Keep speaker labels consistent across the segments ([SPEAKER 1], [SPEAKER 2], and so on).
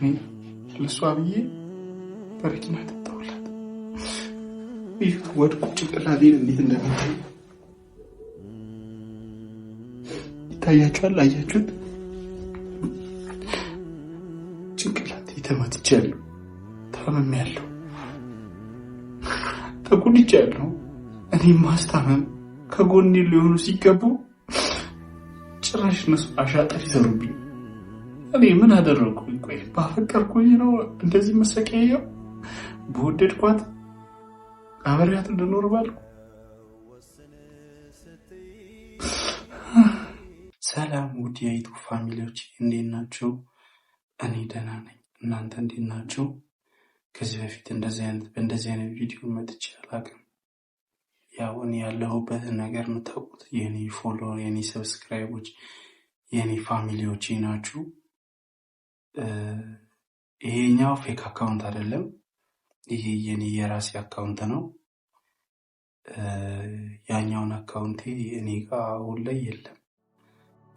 [SPEAKER 1] እኔ ለእሷ ብዬ በረኪና ጠጣሁላት። ይህ ወድቁ ጭንቅላቴን እንዴት እንደሚታ ይታያችኋል። አያችሁት? ጭንቅላት ተመትቻለሁ፣ ታምሜያለሁ፣ ተጎድቻለሁ። እኔ ማስታመም ከጎኔ ሊሆኑ ሲገቡ ጭራሽ እነሱ አሻጠር ይሰሩብኝ። እኔ ምን አደረግኩ? ቆይ ባፈቀርኩኝ ነው እንደዚህ መሰቀየው? በወደድኳት አበሪያት እንድኖር ባልኩ።
[SPEAKER 2] ሰላም ውድ የኢቱ ፋሚሊዎች እንዴት ናቸው? እኔ ደህና ነኝ። እናንተ እንዴት ናቸው? ከዚህ በፊት እንደዚህ አይነት በእንደዚህ አይነት ቪዲዮ መጥቼ አላውቅም። ያው እኔ ያለሁበትን ነገር የምታውቁት የኔ ፎሎወር፣ የኔ ሰብስክራይቦች፣ የኔ ፋሚሊዎቼ ናችሁ። ይሄኛው ፌክ አካውንት አይደለም። ይሄ የኔ የራሴ አካውንት ነው። ያኛውን አካውንቴ እኔ ጋ አሁን ላይ የለም።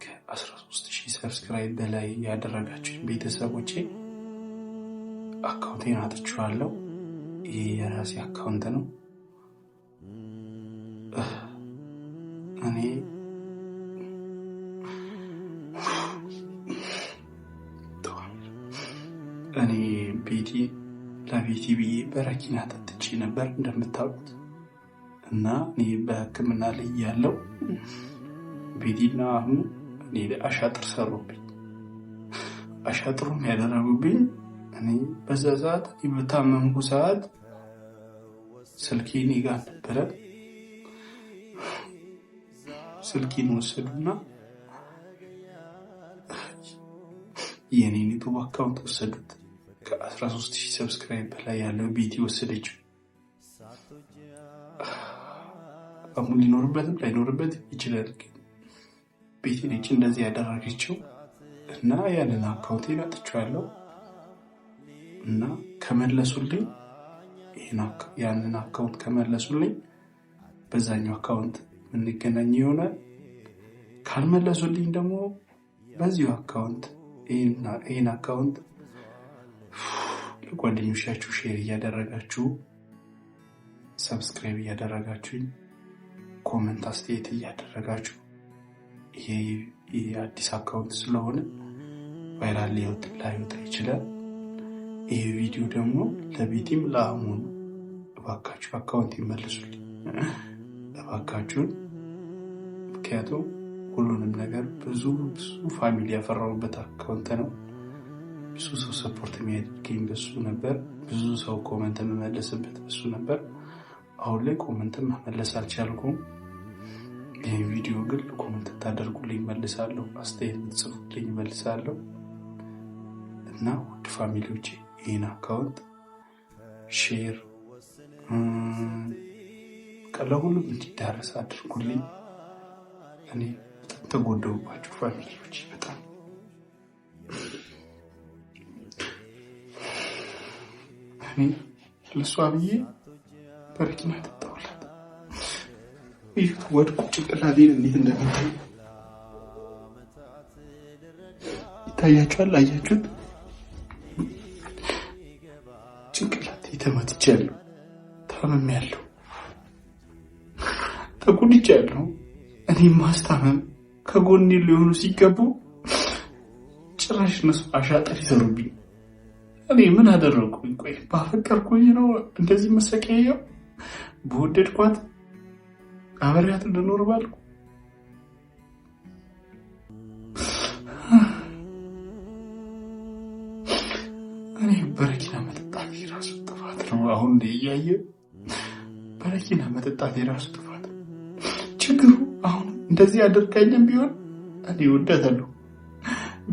[SPEAKER 2] ከ13 ሺህ ሰብስክራይብ በላይ ያደረጋችሁ ቤተሰቦቼ አካውንቴን አጥቼዋለሁ። ይሄ የራሴ አካውንት ነው። እኔ እኔ ቤቴ ለቤቴ ብዬ በረኪና ጠጥቼ ነበር እንደምታውቁት እና እኔ በሕክምና ላይ ያለው ቤቴና አሁኑ እኔ አሻጥር ሰሩብኝ። አሻጥሩም ያደረጉብኝ እኔ በዛ ሰዓት በታመምኩ ሰዓት ስልኬ እኔ ጋር ነበረ። ስልኬን ወሰዱና የኔን ዩቱብ አካውንት ወሰዱት። ከ13000 ሺህ ሰብስክራይብ በላይ ያለው ቤት ወሰደችው። አሁን ሊኖርበትም ላይኖርበት ይችላል። ቤቴ ነች እንደዚህ ያደረገችው እና ያንን አካውንት አጥቼዋለሁ እና ከመለሱልኝ ያንን አካውንት ከመለሱልኝ በዛኛው አካውንት የምንገናኝ ይሆናል። ካልመለሱልኝ ደግሞ በዚሁ አካውንት ይህን አካውንት ለጓደኞቻችሁ ሼር እያደረጋችሁ ሰብስክራይብ እያደረጋችሁኝ ኮመንት አስተያየት እያደረጋችሁ ይሄ የአዲስ አካውንት ስለሆነ ቫይራል ሊወጥ ላይወጣ ይችላል። ይሄ ቪዲዮ ደግሞ ለቤቲም ለአሙን እባካችሁ አካውንት ይመልሱልኝ እባካችሁን። ምክንያቱም ሁሉንም ነገር ብዙ ብዙ ፋሚሊ ያፈራውበት አካውንት ነው። ብዙ ሰው ሰፖርት የሚያደርገኝ በሱ ነበር። ብዙ ሰው ኮመንት የምመለስበት በሱ ነበር። አሁን ላይ ኮመንት መመለስ አልቻልኩም። ይህ ቪዲዮ ግን ኮመንት ታደርጉልኝ መልሳለሁ፣ አስተያየት ብትጽፉልኝ መልሳለሁ። እና ውድ ፋሚሊዎች ይህን አካውንት ሼር ለሁሉም እንዲዳረስ አድርጉልኝ። እኔ በጣም ተጎደውባቸው ፋሚሊዎች በጣም
[SPEAKER 1] ለእሷ ብዬ በረኪና ጠጣሁላት። ይት ወድቁ ጭንቅላቴን እንዴት እንደሚታይ ይታያችኋል። አያችሁት? ጭንቅላት ተመትቻለሁ፣ ታምሜያለሁ፣ ተጎድቻለሁ። እኔ ማስታመም ከጎኔ ሊሆኑ ሲገቡ ጭራሽ እነሱ አሻጥር ይሰሩብኝ። እኔ ምን አደረግኩኝ? ቆይ ባፈቀርኩኝ ነው እንደዚህ መሰቀየው? በወደድኳት አበሪያት እንድኖር ባልኩ እኔ በረኪና መጠጣት የራሱ ጥፋት ነው። አሁን እያየ በረኪና መጠጣት የራሱ ጥፋት ችግሩ አሁን እንደዚህ አደርጋኝም ቢሆን እኔ እወዳታለሁ፣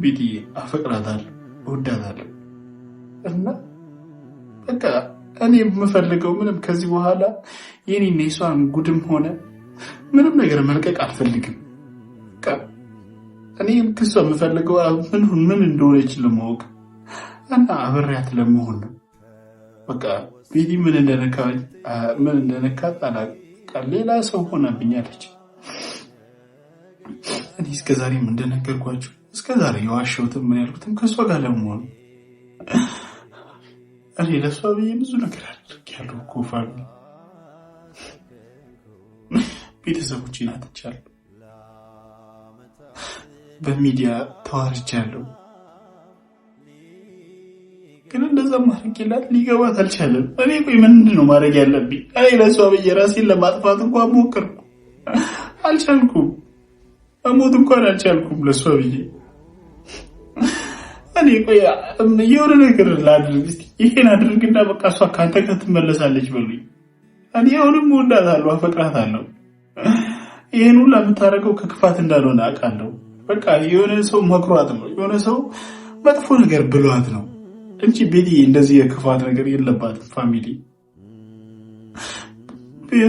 [SPEAKER 1] ቢድዬ አፈቅራታለሁ፣ እወዳታለሁ እና በቃ እኔ የምፈልገው ምንም ከዚህ በኋላ የኔና የሷን ጉድም ሆነ ምንም ነገር መልቀቅ አልፈልግም። እኔ ክሷ የምፈልገው ምን ምን እንደሆነች ለማወቅ እና አብሬያት ለመሆን ነው። በቃ ቤቲ ምን እንደነካት አላውቅም። ሌላ ሰው ሆናብኛለች። እኔ እስከዛሬም እንደነገርኳቸው እስከዛሬ የዋሸሁትም ምን ያልኩትም ከእሷ ጋር ለመሆን እኔ ለእሷ ብዬ ብዙ ነገር አድርጌያለሁ እኮ ፋኒ። ቤተሰቦቼን አጥቻለሁ፣ በሚዲያ ተዋርጃለሁ። ግን እንደዛ ማድረግላት ሊገባት አልቻለም። እኔ ቆይ ምንድን ነው ማድረግ ያለብኝ? እኔ ለእሷ ብዬ ራሴን ለማጥፋት እንኳን ሞክር አልቻልኩም። መሞት እንኳን አልቻልኩም ለእሷ ብዬ እኔ ቆይ የሆነ ነገር ላድርግ፣ እስኪ ይሄን አድርግና በቃ እሷ ከአንተ ጋር ትመለሳለች በሉኝ። እኔ አሁንም ወዳታለሁ፣ አፈቅራታለሁ። ይህን ሁላ የምታደርገው ከክፋት እንዳልሆነ አውቃለሁ። በቃ የሆነ ሰው መክሯት ነው፣ የሆነ ሰው መጥፎ ነገር ብሏት ነው እንጂ ቤቲ እንደዚህ የክፋት ነገር የለባትም። ፋሚሊ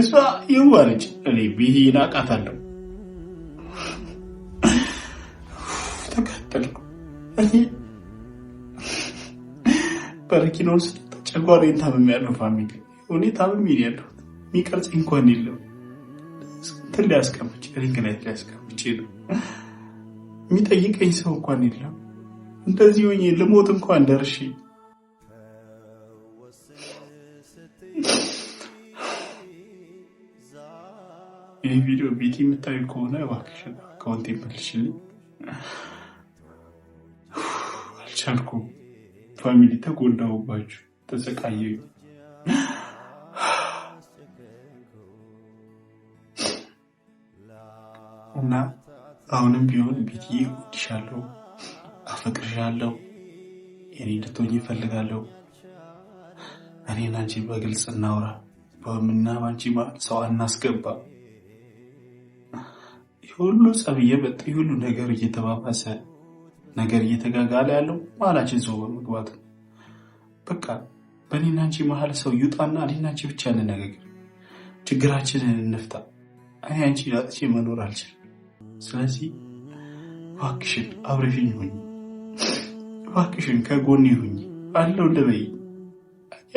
[SPEAKER 1] እሷ ይዋለች። እኔ ቤቲ አውቃታለሁ። ተቃጠልኩ። በረኪና ውስጥ ጨጓራዬን ታምም ያለው ፋሚሊ እኔ ታምም ያለሁት የሚቀርጽኝ እንኳን የለው እንትን ሊያስቀምጭ ሪንግ ሊያስቀምጭ ነው የሚጠይቀኝ ሰው እንኳን የለም። እንደዚህ ሆኜ ልሞት እንኳን ደርሼ ይህ ቪዲዮ ቤት የምታዩ ከሆነ እባክሽን አካውንቴን መልሽልኝ፣ አልቻልኩም። ፋሚሊ ተጎዳሁባችሁ፣ ተሰቃየሁ። እና አሁንም ቢሆን ቤትዬ እወድሻለሁ፣ አፈቅርሻለሁ፣ የኔ እንድትሆኝ እፈልጋለሁ። እኔን አንቺ በግልጽ እናውራ፣ በምና በአንቺ መሀል ሰው አናስገባ። የሁሉ ጸብ እየመጣ የሁሉ ነገር እየተባባሰ ነገር እየተጋጋለ ያለው መሀላችን ሰው በመግባት ነው። በቃ በእኔና አንቺ መሀል ሰው ይውጣና እኔና አንቺ ብቻ እንነጋገር፣ ችግራችንን እንፍታ። እኔ አንቺን አጥቼ መኖር አልችልም። ስለዚህ እባክሽን አብረሽኝ ሁኝ፣ እባክሽን ከጎን ሁኝ፣ አለው ልበይ።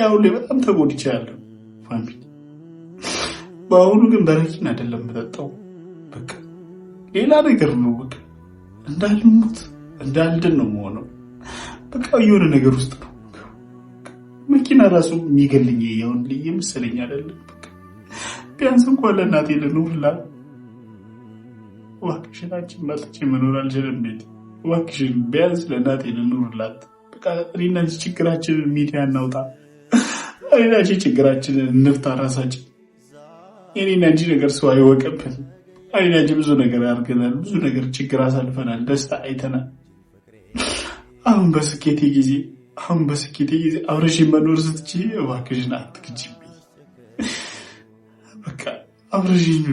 [SPEAKER 1] አሁን ላይ በጣም ተጎድቻለሁ ፋሚሊ። በአሁኑ ግን በረኪን አይደለም መጠጣው፣ በቃ ሌላ ነገር ነው። በቃ እንዳልሙት እንዳልድን ነው መሆነው። በቃ የሆነ ነገር ውስጥ ነው። መኪና ራሱ የሚገልኝ ያውን ልዬ መሰለኝ አይደለም። ቢያንስ እንኳን ለእናቴ ልኑርላ። እባክሽን አንቺን ማጥቼ መኖር አልችልም። ቤት እባክሽን ቢያንስ ለእናቴ ልኑርላት። በቃ እኔና ችግራችን ሚዲያ እናውጣ። እኔና ችግራችን እንፍታ ራሳችን። የኔና እንጂ ነገር ሰው አይወቅብን። እኔና ብዙ ነገር አድርገናል። ብዙ ነገር ችግር አሳልፈናል። ደስታ አይተናል። አሁን በስኬቴ ጊዜ አሁን በስኬቴ ጊዜ አብረሽ መኖር ስትች እባክሽን አትክጂብኝ። በቃ አብረሽኝ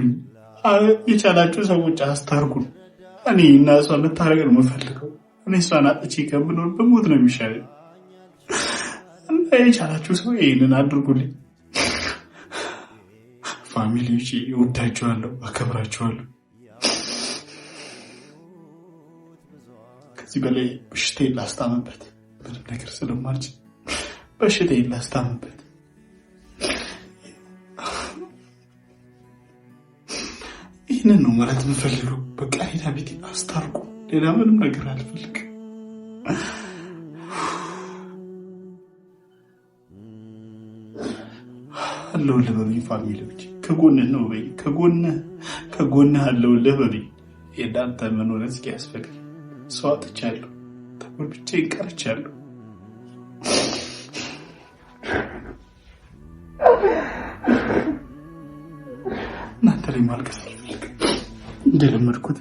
[SPEAKER 1] የቻላችሁ ሰዎች አስታርጉን። እኔ እና እሷ መታረቅ ነው የምፈልገው። እኔ እሷን አጥቼ ከምኖር በሞት ነው የሚሻለኝ። እና የቻላችሁ ሰው ይህንን አድርጉልኝ። ፋሚሊዎች እወዳችኋለሁ፣ አከብራችኋለሁ። እዚህ በላይ በሽታ ላስታምበት፣ ምንም ነገር ስለማልችል በሽታ ላስታምበት። ይህንን ነው ማለት የምፈልገው። በቃ ሄዳ ቤት አስታርቁ። ሌላ ምንም ነገር አልፈልግ። አለሁልህ በበኝ ፋሚሊዎች ከጎንህ ነው በኝ ከጎንህ ከጎንህ አለሁልህ በበኝ የዳንተ መኖር እስኪ ያስፈልግ ሰው አጥቻለሁ። ተጎድቼ ቀርቻለሁ። እናንተ ላይ ማልቀስ እንደለመድኩት